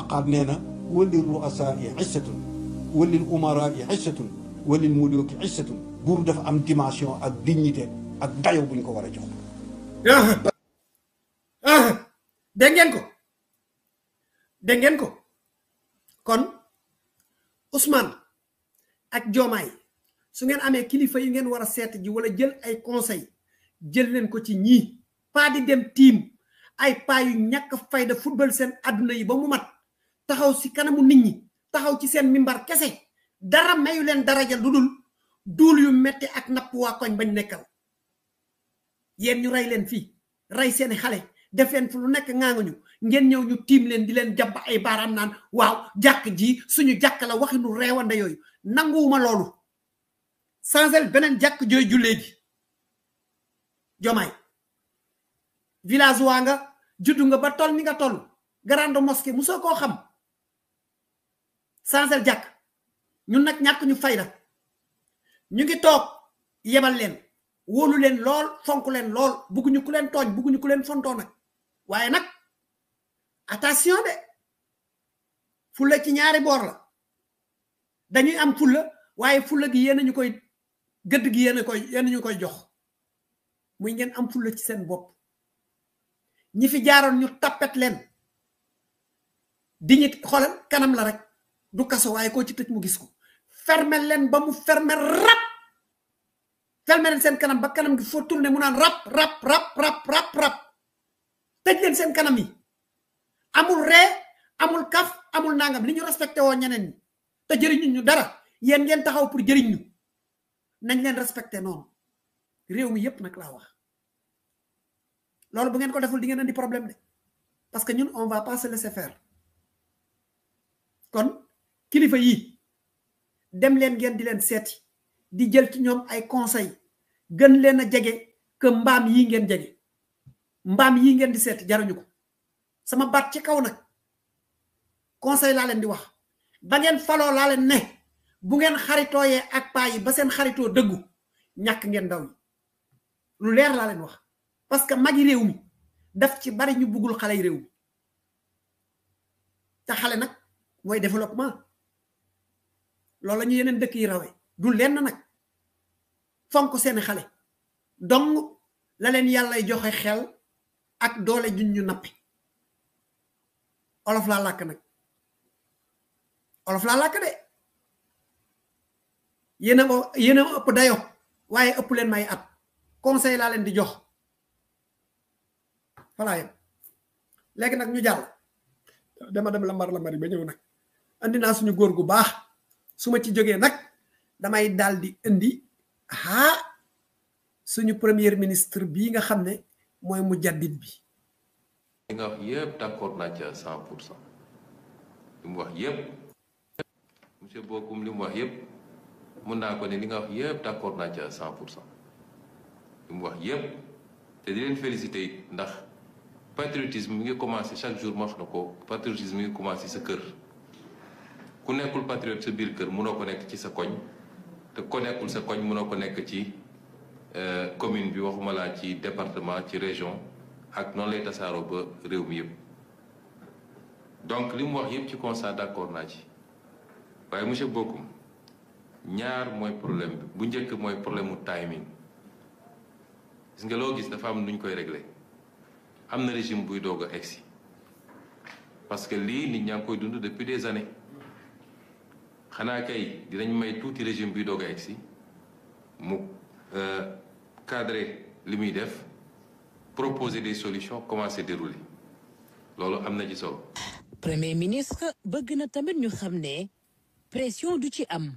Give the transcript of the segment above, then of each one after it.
aqaab nee na walil ruasaai xissatun walil umaraai xissatun walil muluki xissatun buur dafa am dimension ak dignité ak dayo buñ ko war a jox ah, ah, dégg ko dégg ko kon Ousmane ak Diomaye su ngeen amee kilifa yi ngeen war a seet ji wala jël ay conseil jël leen ko ci ñii pas di dem tiim ay paa yu ñàkk fayda football sen àdduna yi ba mu mat taxaw si kanamu nit ñi taxaw ci seen mimbar kese dara mayu leen daraja dudul, dul duul yu metti ak napp waa koñ bañ nekkal yéen ñu rey leen fii rey seeni xale def leen fu lu nekk ngaanguñu ngeen ñëw ñu tiim leen di leen jàpp ay naan waaw jàkk ji suñu jàkk la waxinu reewande yooyu nanguwuma loolu sansel beneen jàkk jooy jullee ji jomaay village waa nga juddu nga ba toll ni nga tol grande mosquée musoo koo xam sansel jàkk ñun nag ñàkk ñu fay fayda ñu ngi toog yebal leen wóolu leen lool fonk leen lool bugguñu ku leen tooñ bugguñu ku leen fontoo nag waaye nag attention de fulla ci ñaari boor la dañuy am fulla waaye fulla gi yéen ñu koy gëdd gi yene koy yene ñu koy jox muy ngeen am fulla ci seen bopp ñi fi jaaroon ñu tapet leen di ñi kanam la rek du kaso waaye koo ci tëj mu gis ko ferme leen ba mu ferme rap ferme leen seen kanam ba kanam gi foo tourné mu naan rap rap rap rap rap rap tëj leen seen kanam yi amul re, amul kaf amul nangam li ñu respecté woo ñeneen ñi te jëriñu ñu dara yéen ngeen taxaw pour jëriñ ñu nañ leen respecté noonu réew mi yépp nag laa wax loolu bu ngeen ko deful di ngeen di problème de parce que ñun on va pas se laisser faire kon kilifa yi dem leen ngeen di leen seeti di jël ci ñoom ay conseil gën leen a jege que mbaam yii ngeen jege mbaam yi ngeen di seeti jaruñu ko sama baat ci kaw nag conseil laa leen di wax ba ngeen faloo laa leen ne bu ngeen xaritooyee ak paa yi ba seen xaritoo dëggu ñàkk ngeen ndaw yi lu leer laa leen wax parce que yi réew mi daf ci bari ñu buggul xale yi réew mi te xale nag mooy développement loolu la ñu yeneen dëkk yi rawee du lenn nag fonk seeni xale donc la leen yàlla joxe xel ak doole juñ ñu nappi olof laa làkk nag olof laa làkk de yéen mo ma yéen ëpp dayo waaye ëpp leen may at conseil laa leen di jox voilà yëpp léegi nag ñu jàll dama dem lambar mari ba ñëw nag andi naa suñu góor gu baax suma ci jógee nag damay daldi di indi ha, suñu premier ministre bi nga xam ne mooy mu jaddit bi li nga wax yëpp d'accord naa ca cent pour cent li wax yëpp monsieur Bokoum li wax yëpp mën naa ko ne li nga wax yëpp d' accord naa ci à cent pour cent li mu wax yëpp te di leen félicité it ndax patriotisme mi ngi commencé chaque jour ma wax na ko patriotisme mi ngi commencé sa kër ku nekkul patriote sa biir kër mënoo ko nekk ci sa koñ te ku nekkul sa koñ mënoo ko nekk ci commune bi waxuma laa ci département ci région ak noonu lay tasaaroo ba réew mi yëpp donc li mu wax yëpp ci constat d' da, accord naa ci waaye păi, monsieur Bokoum. ñaar mooy problème bi bu njëkk mooy problème mu timing gis nga loo gis dafa am nuñ koy régler am na régime buy doog a egsi parce que lii nit ñaa ngi koy dund depuis des années xanaa kay dinañ may tuuti régime buy doog a egsi mu euh, cadrer li muy def proposer des solutions commencer dérouler loolu am na ci solo. premier ministre bëgg na tamit ñu xam ne pression du ci am.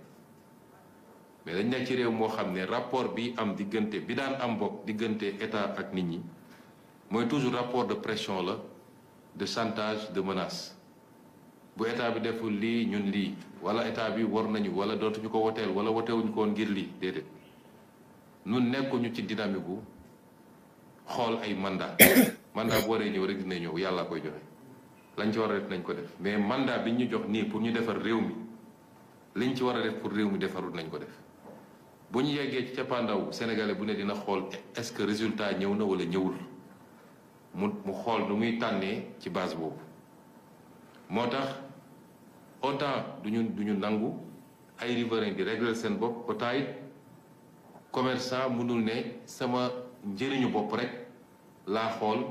mais dañ nekk ci réew moo xam ne rapport bi am diggante bi daan am bokk diggante état ak nit ñi mooy toujours rapport de pression la de chantage de menace bu état bi deful lii ñun lii wala état bi war nañu wala dootuñu ko woteel wala wotewuñu ko woon ngir lii déedéet ñun nekkuñu ci dynamique gu xool ay mandat mandat bu waree ñëw rek dina ñëw yàlla koy joxe lañ ci war a def nañ ko def mais mandat bi ñu jox nii pour ñu defar réew mi liñ ci war a def pour réew mi defarul nañ ko def buñu yeggé ci ca pandaw sénégalais bu né dina xol est ce que résultat ñëw na wala ñewul mu mu xol nu muy tanné ci base boobu motax autant duñu duñu nangu ay riverain di régler sen bop autant it commerçant mënul ne sama jëriñu bop rek la xol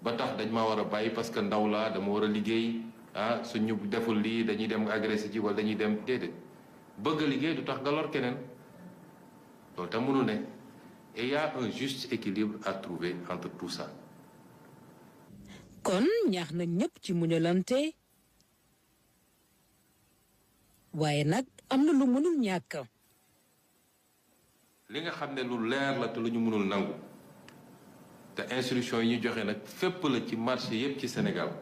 ba tax dañ ma wara bayyi parce que ndaw la dama wara liggéey ah suñu deful li dañuy dem agressé ci wala dañuy dem déedéet bëgg liggéey du tax galor kenen Donc tam mënu il y a un juste équilibre à trouver entre tout ça. kon ñaax na ñëpp ci muñalante waaye nag am na lu mënul ñàkk. li nga xam ne lu leer la te lu ñu mënul nangu te instruction yi ñu joxe nag fépp la ci marché yépp ci Sénégal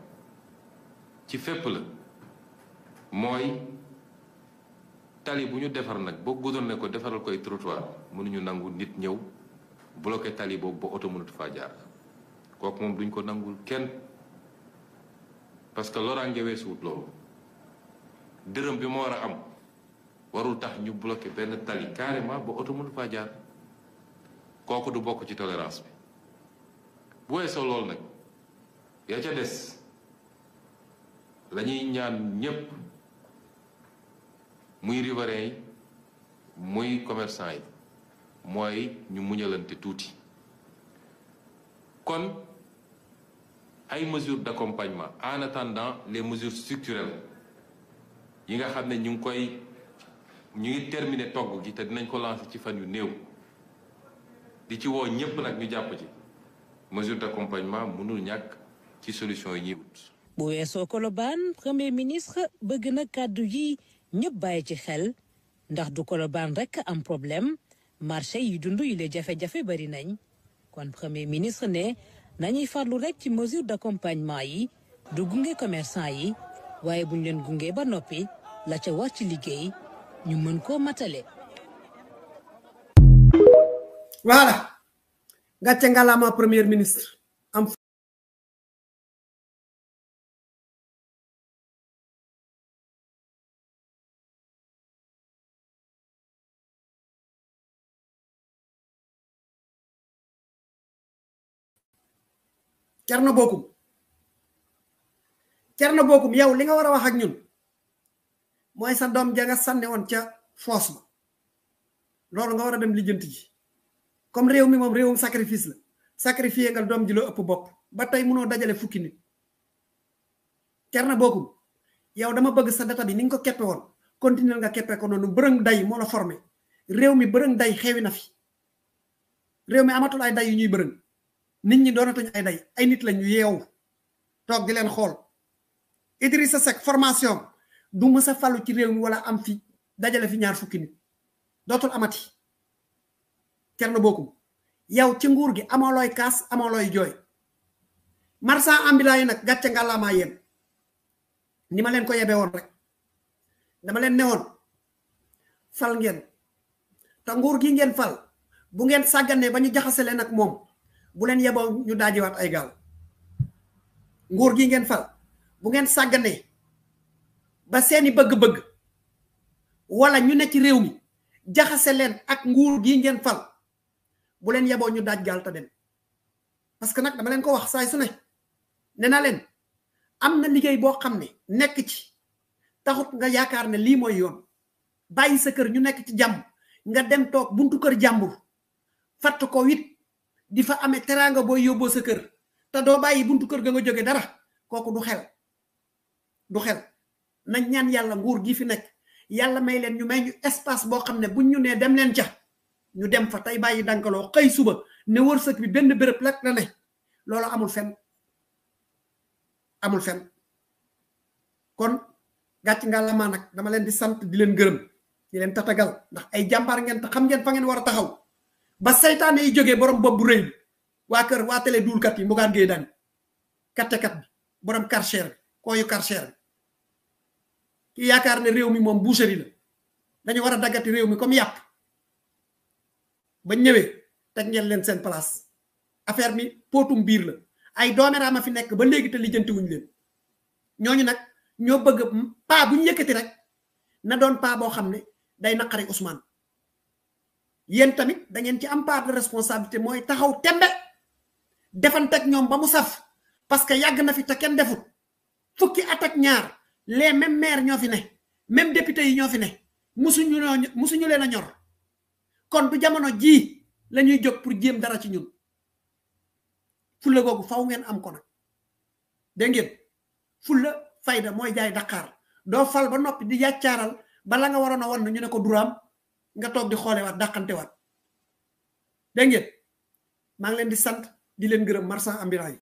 ci fépp la mooy. tali bu ñu defar nag bo gudon ne ko défaral ko trottoir mënu ñu nangu nit ñew bloqué tali bo bo auto mënu fa jaar kooku mom duñ ko nangul kenn parce que loraange weesuwut loolu deureum bi mo wara am warul tax ñu bloqué ben tali carrément bo auto mënu fa jaar koku du bok ci tolérance bi bu weesoo loolu nak ya ca des la ñaan ñepp muy riverains yi muy commerçant yi mooy ñu muñalante tuuti kon ay mesures d'accompagnement en attendant les mesures structurelles yi nga xam ne ñu ngi koy ñu ngi terminer togg gi te dinañ ko lancer ci fan yu néew di ci woo ñépp nag ñu jàpp ci mesure d'accompagnement mënul ñàkk ci solution yi ñuy bu weesoo Colobane premier ministre bëgg na kàddu yi ñëpp bàyyi ci xel ndax du Colobane rekk am problème marché yi dund yi la jafe-jafe bari nañ kon premier ministre ne nañuy farlu rekk ci mesure d'accompagnement yi du gunge commerçant yi waaye buñ leen gunge ba noppi la ca war ci liggéey ñu mën koo matale. voilà nga ngalaama premier ministre. Thierno bokum Thierno bokum yow li nga wara wax ak ñun moy sa dom ja nga sànni ca fosse ba lool nga wara dem lijjanti ji comme rew mi mom rew sacrifice la sacrifier nga dom ji lo upp bop ba tay mëno dajale fukki nit Thierno bokum yow dama bëgg sa data bi ni nga ko keppe won continuer nga keppe ko nonu bërëng day mo la formé rew mi bërëng day xewi fi rew mi amatul ay day yu ñuy bërëng nit ñi doonatuñ ay day ay nit lañu yeewu toog di leen xool Idrissa sek formation du mësa falu ci réew mi wala am fi dajale fi ñaar fukki nit dootul amati cerno bokum. yow ci nguur gi amo loy kaas amo loy joy marsa ambulant yi nag gàcce ngàllaamaa yéen ni ma ko won rek dama len fal ngeen ta nguur gi ngeen fal bu ngeen sagane bañu ñu nak mom bu len yabo ñu wat ay gal nguur gi ngeen fal bu ngeen sagane ba seeni bëgg-bëgg wala ñu ne ci réew mi jaxase leen ak nguur gi ngeen fal bu len yabo ñu daaj gal ta dem parce que nak dama len ko wax say su ne na leen am na liggéey boo xam ne ci taxut nga yaakar ne li moy yoon bayyi sa kër ñu nek ci jamm nga dem tok buntu kër jàmbur fat ko wit di fa amé teranga boy yobbo sa kër ta do bayyi buntu kër ga nga joggé dara koku du xel du xel nañ ñaan yalla nguur gi fi nek yalla may leen ñu may ñu espace bo xamné bu ñu né dem leen ca ñu dem fa tay bayyi dankalo xey suba né wërsekk bi benn bërepp lak na né lolu amul fenn amul fenn kon gàcc nga ma nak dama leen di sante di leen gërëm di leen tatagal ndax ay jàmbaar ngeen ta xam ngeen fa ngeen war taxaw ba saytaane yi jógee borom bopp bu rëy bi waa kër waa télé duulkat yi mbugaan géey dani kattekat bi borom karcher bi kooyu karcher bi ki yaakaar ne réew mi moom boucherie la dañu war a daggati réew mi comme yàpp ba ñëwee te ngeen leen seen place affaire mi pootum biir la ay a fi nekk ba léegi te lijjanti wuñ leen ñooñu nag ñoo bëgg paa bu ñu yëkkati rek na doon paa boo xam ne day naqari Ousmane yéen tamit da ngeen ci am part de responsabilité mooy taxaw tembe defanteeg ñoom ba mu saf parce que yàgg na fi te kenn defut fukki at ak ñaar les mêmes maires ñoo fi ne même députés yi ñoo fi ne musuñu ñoo musuñu leen a ñor kon bu jamono jii lañuy ñuy jóg pour jéem dara ci ñun fulla googu faw ngeen am ko nag dégg ngeen fulla fayda mooy jaay daqaar doo fal ba noppi di yàccaaral bala nga waroon a wan ñu ne ko duraam nga tok di xoolewaat dah dégg tewas. maa ngi len di sant di len gëreum marsan ambulant